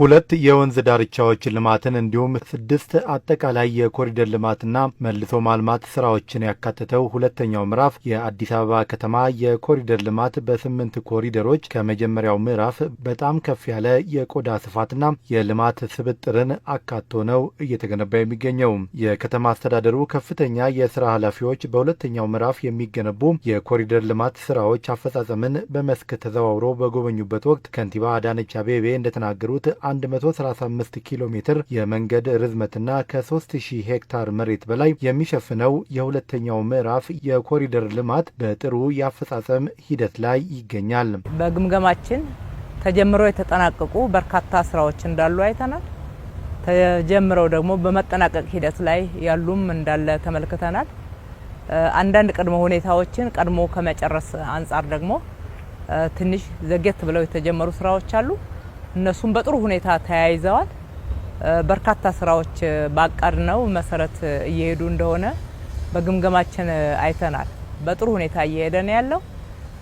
ሁለት የወንዝ ዳርቻዎች ልማትን እንዲሁም ስድስት አጠቃላይ የኮሪደር ልማትና መልሶ ማልማት ስራዎችን ያካተተው ሁለተኛው ምዕራፍ የአዲስ አበባ ከተማ የኮሪደር ልማት በስምንት ኮሪደሮች ከመጀመሪያው ምዕራፍ በጣም ከፍ ያለ የቆዳ ስፋትና የልማት ስብጥርን አካቶ ነው እየተገነባ የሚገኘው። የከተማ አስተዳደሩ ከፍተኛ የስራ ኃላፊዎች በሁለተኛው ምዕራፍ የሚገነቡ የኮሪደር ልማት ስራዎች አፈጻጸምን በመስክ ተዘዋውሮ በጎበኙበት ወቅት ከንቲባ አዳነች አቤቤ እንደተናገሩት 135 ኪሎ ሜትር የመንገድ ርዝመትና ከ3000 ሄክታር መሬት በላይ የሚሸፍነው የሁለተኛው ምዕራፍ የኮሪደር ልማት በጥሩ የአፈጻጸም ሂደት ላይ ይገኛል። በግምገማችን ተጀምረው የተጠናቀቁ በርካታ ስራዎች እንዳሉ አይተናል። ተጀምረው ደግሞ በመጠናቀቅ ሂደት ላይ ያሉም እንዳለ ተመልክተናል። አንዳንድ ቅድመ ሁኔታዎችን ቀድሞ ከመጨረስ አንጻር ደግሞ ትንሽ ዘጌት ብለው የተጀመሩ ስራዎች አሉ። እነሱም በጥሩ ሁኔታ ተያይዘዋል። በርካታ ስራዎች ባቀድነው መሰረት እየሄዱ እንደሆነ በግምገማችን አይተናል። በጥሩ ሁኔታ እየሄደ ነው ያለው።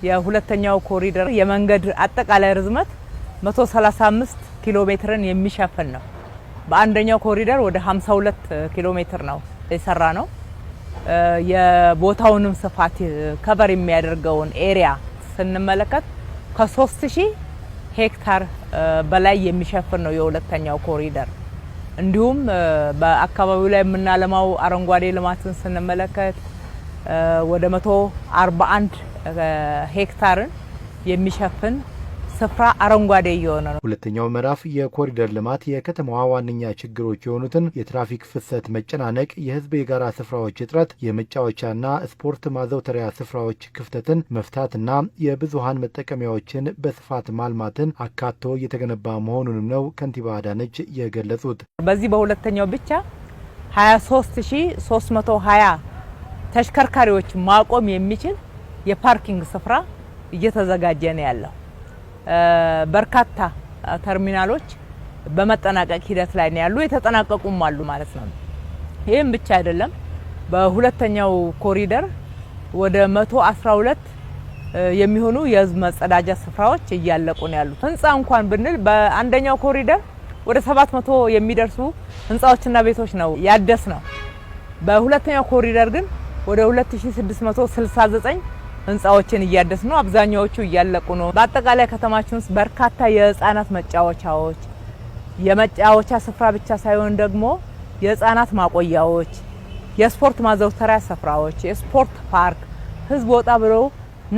የሁለተኛው ኮሪደር የመንገድ አጠቃላይ ርዝመት 135 ኪሎ ሜትርን የሚሸፍን ነው። በአንደኛው ኮሪደር ወደ 52 ኪሎ ሜትር ነው የሰራ ነው። የቦታውንም ስፋት ከበር የሚያደርገውን ኤሪያ ስንመለከት ከ3000 ሄክታር በላይ የሚሸፍን ነው የሁለተኛው ኮሪደር። እንዲሁም በአካባቢው ላይ የምናለማው አረንጓዴ ልማትን ስንመለከት ወደ 141 ሄክታርን የሚሸፍን ስፍራ አረንጓዴ እየሆነ ነው። ሁለተኛው ምዕራፍ የኮሪደር ልማት የከተማዋ ዋነኛ ችግሮች የሆኑትን የትራፊክ ፍሰት መጨናነቅ፣ የህዝብ የጋራ ስፍራዎች እጥረት፣ የመጫወቻና ስፖርት ማዘውተሪያ ስፍራዎች ክፍተትን መፍታትና የብዙሀን መጠቀሚያዎችን በስፋት ማልማትን አካቶ እየተገነባ መሆኑንም ነው ከንቲባ አዳነች የገለጹት። በዚህ በሁለተኛው ብቻ 23320 ተሽከርካሪዎች ማቆም የሚችል የፓርኪንግ ስፍራ እየተዘጋጀ ነው ያለው። በርካታ ተርሚናሎች በመጠናቀቅ ሂደት ላይ ነው ያሉ፣ የተጠናቀቁም አሉ ማለት ነው። ይህም ብቻ አይደለም። በሁለተኛው ኮሪደር ወደ 112 የሚሆኑ የህዝብ መጸዳጃ ስፍራዎች እያለቁ ነው ያሉት። ህንፃ እንኳን ብንል በአንደኛው ኮሪደር ወደ 700 የሚደርሱ ህንፃዎችና ቤቶች ነው ያደስ ነው። በሁለተኛው ኮሪደር ግን ወደ 2669 ህንፃዎችን እያደስ ነው። አብዛኛዎቹ እያለቁ ነው። በአጠቃላይ ከተማችን ውስጥ በርካታ የህፃናት መጫወቻዎች የመጫወቻ ስፍራ ብቻ ሳይሆን ደግሞ የህፃናት ማቆያዎች፣ የስፖርት ማዘውተሪያ ስፍራዎች፣ የስፖርት ፓርክ ህዝብ ወጣ ብሎ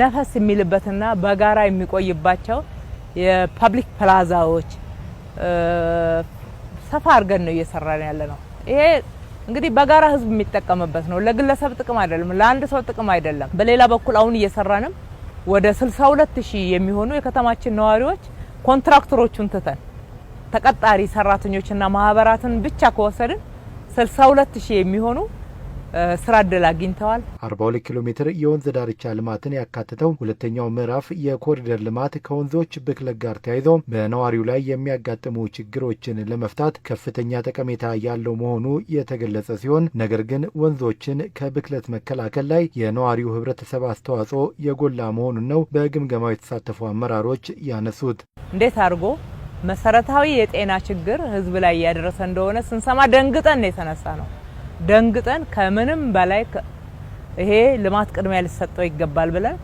ነፈስ የሚልበትና በጋራ የሚቆይባቸው የፐብሊክ ፕላዛዎች ሰፋ አድርገን ነው እየሰራን ያለ ነው ይሄ እንግዲህ በጋራ ህዝብ የሚጠቀምበት ነው። ለግለሰብ ጥቅም አይደለም፣ ለአንድ ሰው ጥቅም አይደለም። በሌላ በኩል አሁን እየሰራንም ወደ 62 ሺህ የሚሆኑ የከተማችን ነዋሪዎች ኮንትራክተሮቹን ትተን ተቀጣሪ ሰራተኞችና ማህበራትን ብቻ ከወሰድን 62 ሺህ የሚሆኑ ስራ እድል አግኝተዋል። 42 ኪሎ ሜትር የወንዝ ዳርቻ ልማትን ያካትተው ሁለተኛው ምዕራፍ የኮሪደር ልማት ከወንዞች ብክለት ጋር ተያይዞ በነዋሪው ላይ የሚያጋጥሙ ችግሮችን ለመፍታት ከፍተኛ ጠቀሜታ ያለው መሆኑ የተገለጸ ሲሆን ነገር ግን ወንዞችን ከብክለት መከላከል ላይ የነዋሪው ህብረተሰብ አስተዋጽኦ የጎላ መሆኑን ነው በግምገማው የተሳተፉ አመራሮች ያነሱት። እንዴት አድርጎ መሰረታዊ የጤና ችግር ህዝብ ላይ እያደረሰ እንደሆነ ስንሰማ ደንግጠን የተነሳ ነው ደንግጠን ከምንም በላይ ይሄ ልማት ቅድሚያ ሊሰጠው ይገባል ብለን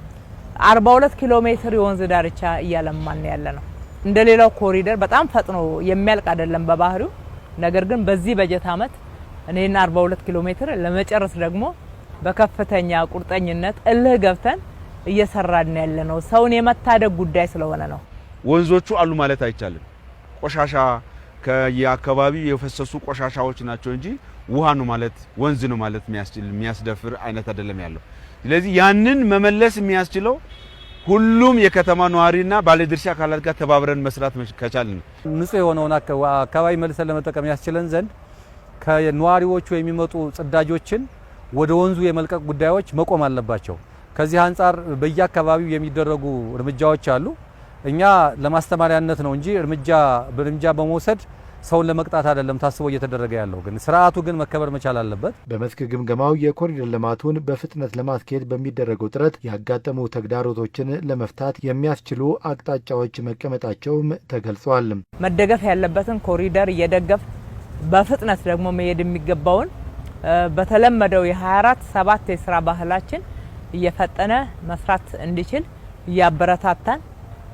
42 ኪሎ ሜትር የወንዝ ዳርቻ እያለማን ያለ ነው። እንደ ሌላው ኮሪደር በጣም ፈጥኖ የሚያልቅ አይደለም በባህሪው። ነገር ግን በዚህ በጀት ዓመት እኔና 42 ኪሎ ሜትር ለመጨረስ ደግሞ በከፍተኛ ቁርጠኝነት እልህ ገብተን እየሰራን ያለ ነው። ሰውን የመታደግ ጉዳይ ስለሆነ ነው። ወንዞቹ አሉ ማለት አይቻልም። ቆሻሻ ከየአካባቢው የፈሰሱ ቆሻሻዎች ናቸው እንጂ ውሃ ነው ማለት ወንዝ ነው ማለት የሚያስችል የሚያስደፍር አይነት አይደለም ያለው። ስለዚህ ያንን መመለስ የሚያስችለው ሁሉም የከተማ ነዋሪና ባለድርሻ አካላት ጋር ተባብረን መስራት ከቻልን ነው። ንጹህ የሆነውን አካባቢ መልሰን ለመጠቀም ያስችለን ዘንድ ከነዋሪዎቹ የሚመጡ ጽዳጆችን ወደ ወንዙ የመልቀቅ ጉዳዮች መቆም አለባቸው። ከዚህ አንጻር በየአካባቢው የሚደረጉ እርምጃዎች አሉ። እኛ ለማስተማሪያነት ነው እንጂ እርምጃ በእርምጃ በመውሰድ ሰውን ለመቅጣት አይደለም ታስቦ እየተደረገ ያለው ግን ስርዓቱ ግን መከበር መቻል አለበት። በመስክ ግምገማው የኮሪደር ልማቱን በፍጥነት ለማስኬድ በሚደረገው ጥረት ያጋጠሙ ተግዳሮቶችን ለመፍታት የሚያስችሉ አቅጣጫዎች መቀመጣቸውም ተገልጿል። መደገፍ ያለበትን ኮሪደር እየደገፍ በፍጥነት ደግሞ መሄድ የሚገባውን በተለመደው የ24 ሰባት የስራ ባህላችን እየፈጠነ መስራት እንዲችል እያበረታታን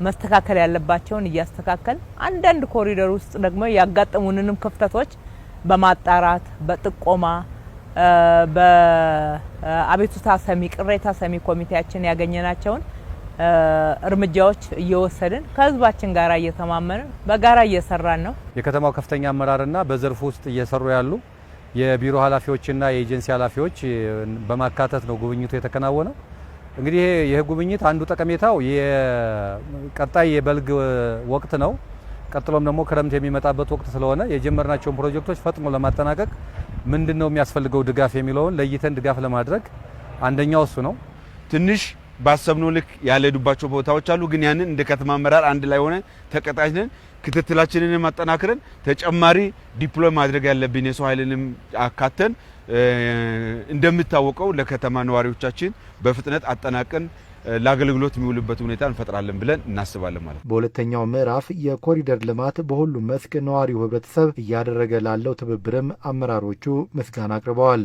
መስተካከል ያለባቸውን እያስተካከል አንዳንድ ኮሪደር ውስጥ ደግሞ ያጋጠሙንንም ክፍተቶች በማጣራት በጥቆማ በአቤቱታ ሰሚ ቅሬታ ሰሚ ኮሚቴያችን ያገኘናቸውን እርምጃዎች እየወሰድን ከህዝባችን ጋር እየተማመንን በጋራ እየሰራን ነው። የከተማው ከፍተኛ አመራርና በዘርፉ ውስጥ እየሰሩ ያሉ የቢሮ ኃላፊዎችና የኤጀንሲ ኃላፊዎች በማካተት ነው ጉብኝቱ የተከናወነው። እንግዲህ ይህ ጉብኝት አንዱ ጠቀሜታው ቀጣይ የበልግ ወቅት ነው። ቀጥሎም ደግሞ ክረምት የሚመጣበት ወቅት ስለሆነ የጀመርናቸውን ፕሮጀክቶች ፈጥኖ ለማጠናቀቅ ምንድን ነው የሚያስፈልገው ድጋፍ የሚለውን ለይተን ድጋፍ ለማድረግ አንደኛው እሱ ነው። ትንሽ ባሰብነው ልክ ያልሄዱባቸው ቦታዎች አሉ። ግን ያንን እንደ ከተማ አመራር አንድ ላይ ሆነ ተቀጣጅነን ክትትላችንን ማጠናክረን ተጨማሪ ዲፕሎይ ማድረግ ያለብን የሰው ኃይልንም አካተን እንደሚታወቀው ለከተማ ነዋሪዎቻችን በፍጥነት አጠናቀን ለአገልግሎት የሚውልበት ሁኔታ እንፈጥራለን ብለን እናስባለን ማለት ነው። በሁለተኛው ምዕራፍ የኮሪደር ልማት በሁሉም መስክ ነዋሪው ህብረተሰብ እያደረገ ላለው ትብብርም አመራሮቹ ምስጋና አቅርበዋል።